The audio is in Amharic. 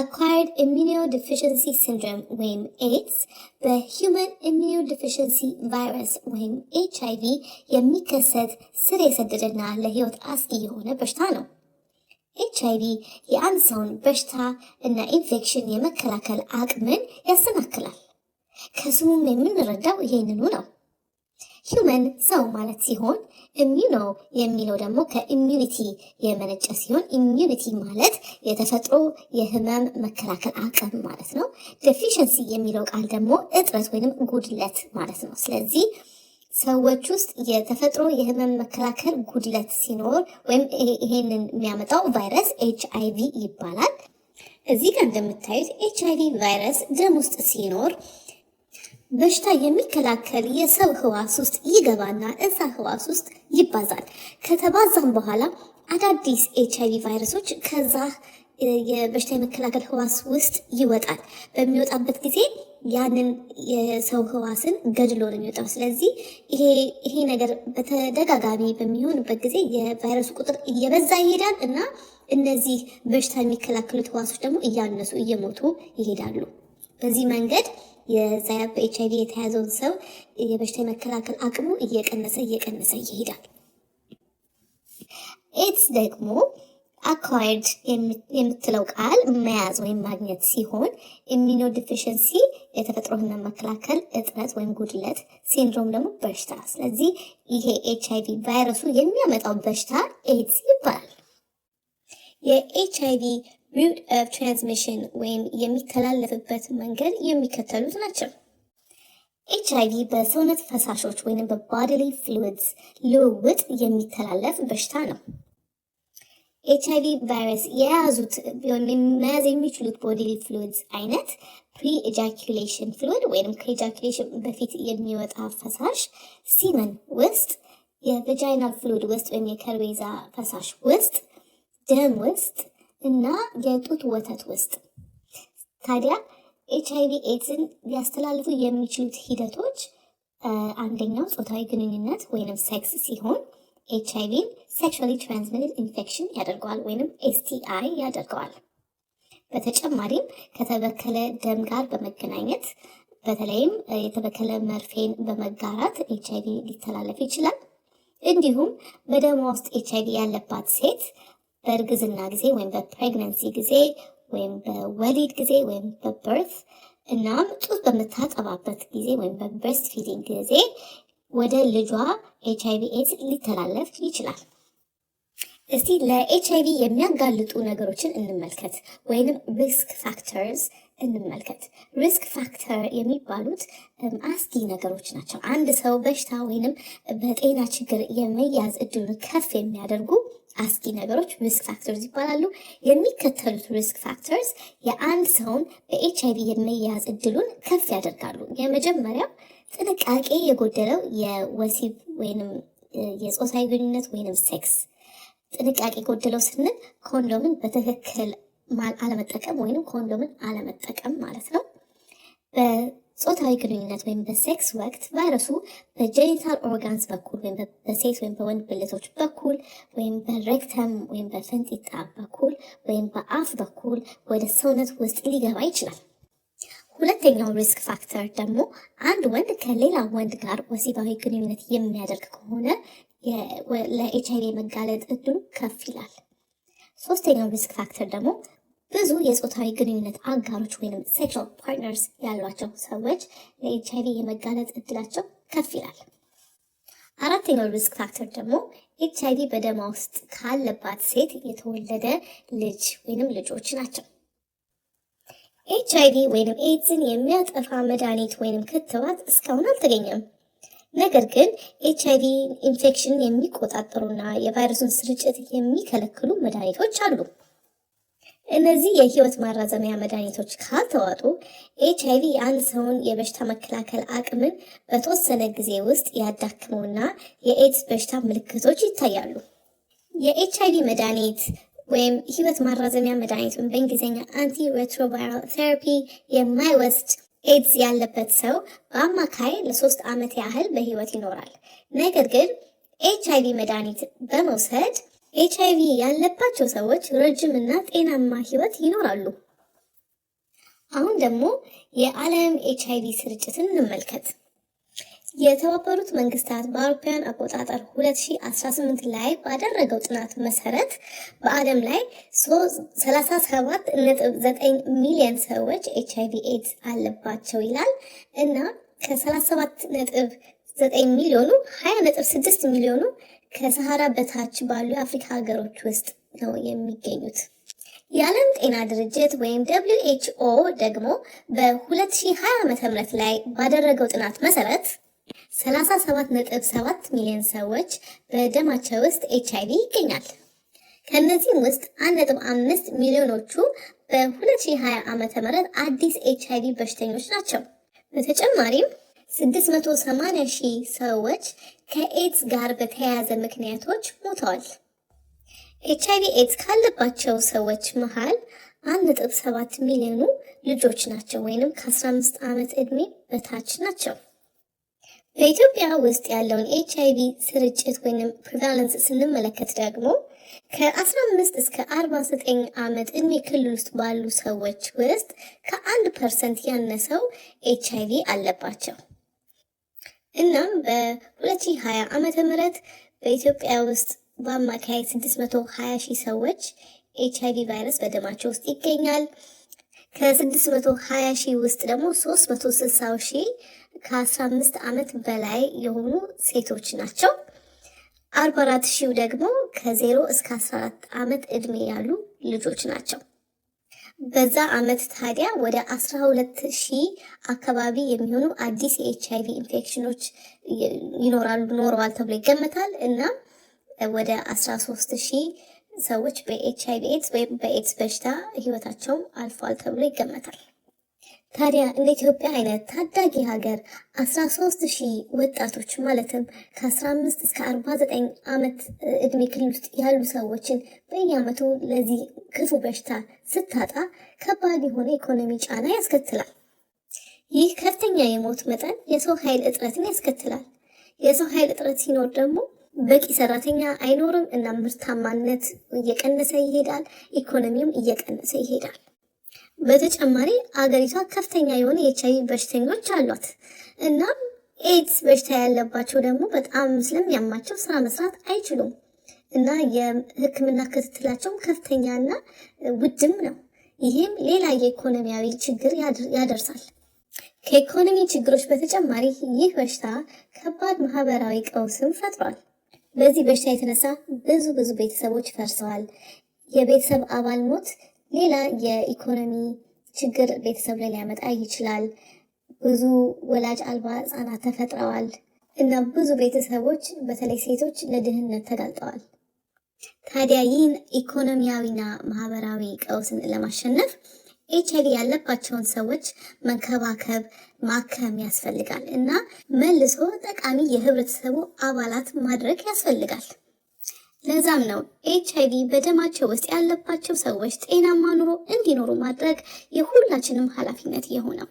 acquired immunodeficiency syndrome ወይም ኤድስ በሂውመን ኢሚዩኖዲፊሽንሲ ቫይረስ ወይም ኤች አይቪ የሚከሰት ስር የሰደደና ለህይወት አስጊ የሆነ በሽታ ነው። ኤች አይቪ የአንድ ሰውን በሽታ እና ኢንፌክሽን የመከላከል አቅምን ያሰናክላል። ከስሙም የምንረዳው ይህንኑ ነው። ሂውመን ሰው ማለት ሲሆን ኢሚዩኖ የሚለው ደግሞ ከኢሚዩኒቲ የመነጨ ሲሆን ኢሚዩኒቲ ማለት የተፈጥሮ የህመም መከላከል አቅም ማለት ነው። ዴፊሽንሲ የሚለው ቃል ደግሞ እጥረት ወይም ጉድለት ማለት ነው። ስለዚህ ሰዎች ውስጥ የተፈጥሮ የህመም መከላከል ጉድለት ሲኖር ወይም ይሄንን የሚያመጣው ቫይረስ ኤች አይ ቪ ይባላል። እዚህ ጋር እንደምታዩት ኤች አይ ቪ ቫይረስ ደም ውስጥ ሲኖር በሽታ የሚከላከል የሰው ህዋስ ውስጥ ይገባና እዛ ህዋስ ውስጥ ይባዛል። ከተባዛም በኋላ አዳዲስ ኤች አይቪ ቫይረሶች ከዛ የበሽታ የመከላከል ህዋስ ውስጥ ይወጣል። በሚወጣበት ጊዜ ያንን የሰው ህዋስን ገድሎ ነው የሚወጣው። ስለዚህ ይሄ ነገር በተደጋጋሚ በሚሆንበት ጊዜ የቫይረሱ ቁጥር እየበዛ ይሄዳል እና እነዚህ በሽታ የሚከላከሉት ህዋሶች ደግሞ እያነሱ እየሞቱ ይሄዳሉ። በዚህ መንገድ በኤች አይቪ የተያዘውን ሰው የበሽታ የመከላከል አቅሙ እየቀነሰ እየቀነሰ ይሄዳል። ኤድስ ደግሞ አኳይርድ የምትለው ቃል መያዝ ወይም ማግኘት ሲሆን ኢሚኖ ዲፊሽንሲ የተፈጥሮ ህመም መከላከል እጥረት ወይም ጉድለት፣ ሲንድሮም ደግሞ በሽታ። ስለዚህ ይሄ ኤች አይቪ ቫይረሱ የሚያመጣው በሽታ ኤድስ ይባላል። የኤች አይቪ ሩት ኦፍ ትራንስሚሽን ወይም የሚተላለፍበት መንገድ የሚከተሉት ናቸው። ኤች አይቪ በሰውነት ፈሳሾች ወይም በባዲሊ ፍሉድስ ልውውጥ የሚተላለፍ በሽታ ነው። ኤች አይቪ ቫይረስ የያዙት መያዝ የሚችሉት ቦዲሊ ፍሉድስ አይነት ፕሪ ኤጃኩሌሽን ፍሉድ ወይም ከኤጃኪሌሽን በፊት የሚወጣ ፈሳሽ ሲመን ውስጥ የቨጃይናል ፍሉድ ውስጥ ወይም የከርቤዛ ፈሳሽ ውስጥ፣ ደም ውስጥ እና የጡት ወተት ውስጥ ታዲያ ኤች አይቪ ኤድስን ሊያስተላልፉ የሚችሉት ሂደቶች አንደኛው ጾታዊ ግንኙነት ወይንም ሴክስ ሲሆን ኤች አይቪን ሴክሹዋሊ ትራንስሚትድ ኢንፌክሽን ያደርገዋል ወይንም ኤስቲአይ ያደርገዋል። በተጨማሪም ከተበከለ ደም ጋር በመገናኘት በተለይም የተበከለ መርፌን በመጋራት ኤች አይቪ ሊተላለፍ ይችላል። እንዲሁም በደሟ ውስጥ ኤች አይቪ ያለባት ሴት በእርግዝና ጊዜ ወይም በፕሬግነንሲ ጊዜ ወይም በወሊድ ጊዜ ወይም በበርት እናም ጡት በምታጠባበት ጊዜ ወይም በብሬስት ፊዲንግ ጊዜ ወደ ልጇ ኤች አይቪ ኤድስ ሊተላለፍ ይችላል። እስቲ ለኤች አይቪ የሚያጋልጡ ነገሮችን እንመልከት፣ ወይንም ሪስክ ፋክተርስ እንመልከት። ሪስክ ፋክተር የሚባሉት አስጊ ነገሮች ናቸው። አንድ ሰው በሽታ ወይንም በጤና ችግር የመያዝ እድሉን ከፍ የሚያደርጉ አስጊ ነገሮች ሪስክ ፋክተርስ ይባላሉ። የሚከተሉት ሪስክ ፋክተርስ የአንድ ሰውን በኤች አይቪ የመያዝ እድሉን ከፍ ያደርጋሉ። የመጀመሪያው ጥንቃቄ የጎደለው የወሲብ ወይንም የጾታዊ ግንኙነት ወይንም ሴክስ። ጥንቃቄ የጎደለው ስንል ኮንዶምን በትክክል አለመጠቀም ወይንም ኮንዶምን አለመጠቀም ማለት ነው። ጾታዊ ግንኙነት ወይም በሴክስ ወቅት ቫይረሱ በጄኒታል ኦርጋንስ በኩል ወይም በሴት ወይም በወንድ ብልቶች በኩል ወይም በሬክተም ወይም በፈንጢጣ በኩል ወይም በአፍ በኩል ወደ ሰውነት ውስጥ ሊገባ ይችላል። ሁለተኛው ሪስክ ፋክተር ደግሞ አንድ ወንድ ከሌላ ወንድ ጋር ወሲባዊ ግንኙነት የሚያደርግ ከሆነ ለኤች አይቪ መጋለጥ እድሉ ከፍ ይላል። ሶስተኛው ሪስክ ፋክተር ደግሞ ብዙ የፆታዊ ግንኙነት አጋሮች ወይም ሴክሹዋል ፓርትነርስ ያሏቸው ሰዎች ለኤች አይቪ የመጋለጥ እድላቸው ከፍ ይላል። አራተኛው ሪስክ ፋክተር ደግሞ ኤች አይቪ በደማ ውስጥ ካለባት ሴት የተወለደ ልጅ ወይም ልጆች ናቸው። ኤች አይቪ ወይንም ኤድስን የሚያጠፋ መድኃኒት ወይም ክትባት እስካሁን አልተገኘም። ነገር ግን ኤች አይቪ ኢንፌክሽን የሚቆጣጠሩና የቫይረሱን ስርጭት የሚከለክሉ መድኃኒቶች አሉ። እነዚህ የህይወት ማራዘሚያ መድኃኒቶች ካልተዋጡ ኤች አይቪ የአንድ ሰውን የበሽታ መከላከል አቅምን በተወሰነ ጊዜ ውስጥ ያዳክመውና የኤድስ በሽታ ምልክቶች ይታያሉ። የኤች አይቪ መድኃኒት ወይም ህይወት ማራዘሚያ መድኃኒቱን በእንግሊዝኛ አንቲ ሬትሮቫይራል ቴራፒ የማይወስድ ኤድስ ያለበት ሰው በአማካይ ለሶስት ዓመት ያህል በህይወት ይኖራል። ነገር ግን ኤች አይቪ መድኃኒት በመውሰድ ኤች አይቪ ያለባቸው ሰዎች ረጅም እና ጤናማ ህይወት ይኖራሉ። አሁን ደግሞ የዓለም ኤች ቪ ስርጭትን እንመልከት። የተባበሩት መንግስታት በአውሮፓውያን አቆጣጠር 2018 ላይ ባደረገው ጥናት መሰረት በዓለም ላይ 37.9 ሚሊዮን ሰዎች ኤች አይቪ ኤድስ አለባቸው ይላል እና ከ37.9 ሚሊዮኑ 20.6 ሚሊዮኑ ከሰሃራ በታች ባሉ የአፍሪካ ሀገሮች ውስጥ ነው የሚገኙት። የዓለም ጤና ድርጅት ወይም ደብሊው ኤች ኦ ደግሞ በ2020 ዓ ም ላይ ባደረገው ጥናት መሰረት 37.7 ሚሊዮን ሰዎች በደማቸው ውስጥ ኤች አይቪ ይገኛል። ከእነዚህም ውስጥ 1.5 ሚሊዮኖቹ በ2020 ዓ ም አዲስ ኤች አይቪ በሽተኞች ናቸው። በተጨማሪም 680 ሺህ ሰዎች ከኤድስ ጋር በተያያዘ ምክንያቶች ሞተዋል። ኤች አይቪ ኤድስ ካለባቸው ሰዎች መሃል 1.7 ሚሊዮኑ ልጆች ናቸው ወይንም ከ15 ዓመት ዕድሜ በታች ናቸው። በኢትዮጵያ ውስጥ ያለውን ኤች አይቪ ስርጭት ወይም ፕሪቫለንስ ስንመለከት ደግሞ ከ15 እስከ 49 ዓመት ዕድሜ ክልል ውስጥ ባሉ ሰዎች ውስጥ ከአንድ ፐርሰንት ያነሰው ኤች አይቪ አለባቸው። እናም በ2020 ዓመተ ምህረት በኢትዮጵያ ውስጥ በአማካይ 620 ሺህ ሰዎች ኤች አይቪ ቫይረስ በደማቸው ውስጥ ይገኛል። ከ620 ሺህ ውስጥ ደግሞ 360 ሺህ ከ15 ዓመት በላይ የሆኑ ሴቶች ናቸው። 44 ሺህ ደግሞ ከ0 እስከ 14 ዓመት ዕድሜ ያሉ ልጆች ናቸው። በዛ አመት ታዲያ ወደ 12 ሺህ አካባቢ የሚሆኑ አዲስ የኤች ኢንፌክሽኖች ይኖራሉ ኖርማል ተብሎ ይገመታል እና ወደ 13 ሺህ ሰዎች በኤች አይቪ ኤድስ ወይም በኤድስ በሽታ ህይወታቸው አልፏል ተብሎ ይገመታል። ታዲያ እንደ ኢትዮጵያ አይነት ታዳጊ ሀገር 13 ሺህ ወጣቶች ማለትም ከ15 እስከ 49 ዓመት እድሜ ክልል ውስጥ ያሉ ሰዎችን በየዓመቱ ለዚህ ክፉ በሽታ ስታጣ ከባድ የሆነ ኢኮኖሚ ጫና ያስከትላል። ይህ ከፍተኛ የሞት መጠን የሰው ኃይል እጥረትን ያስከትላል። የሰው ኃይል እጥረት ሲኖር ደግሞ በቂ ሰራተኛ አይኖርም እና ምርታማነት እየቀነሰ ይሄዳል። ኢኮኖሚውም እየቀነሰ ይሄዳል። በተጨማሪ አገሪቷ ከፍተኛ የሆነ የኤችአይቪ በሽተኞች አሏት። እናም ኤድስ በሽታ ያለባቸው ደግሞ በጣም ስለሚያማቸው ስራ መስራት አይችሉም እና የሕክምና ክትትላቸውም ከፍተኛና ውድም ነው። ይህም ሌላ የኢኮኖሚያዊ ችግር ያደርሳል። ከኢኮኖሚ ችግሮች በተጨማሪ ይህ በሽታ ከባድ ማህበራዊ ቀውስም ፈጥሯል። በዚህ በሽታ የተነሳ ብዙ ብዙ ቤተሰቦች ፈርሰዋል። የቤተሰብ አባል ሞት ሌላ የኢኮኖሚ ችግር ቤተሰብ ላይ ሊያመጣ ይችላል። ብዙ ወላጅ አልባ ህጻናት ተፈጥረዋል እና ብዙ ቤተሰቦች በተለይ ሴቶች ለድህነት ተጋልጠዋል። ታዲያ ይህን ኢኮኖሚያዊና ማህበራዊ ቀውስን ለማሸነፍ ኤች አይቪ ያለባቸውን ሰዎች መንከባከብ፣ ማከም ያስፈልጋል እና መልሶ ጠቃሚ የህብረተሰቡ አባላት ማድረግ ያስፈልጋል። ለዛም ነው ኤች አይቪ በደማቸው ውስጥ ያለባቸው ሰዎች ጤናማ ኑሮ እንዲኖሩ ማድረግ የሁላችንም ኃላፊነት የሆነው።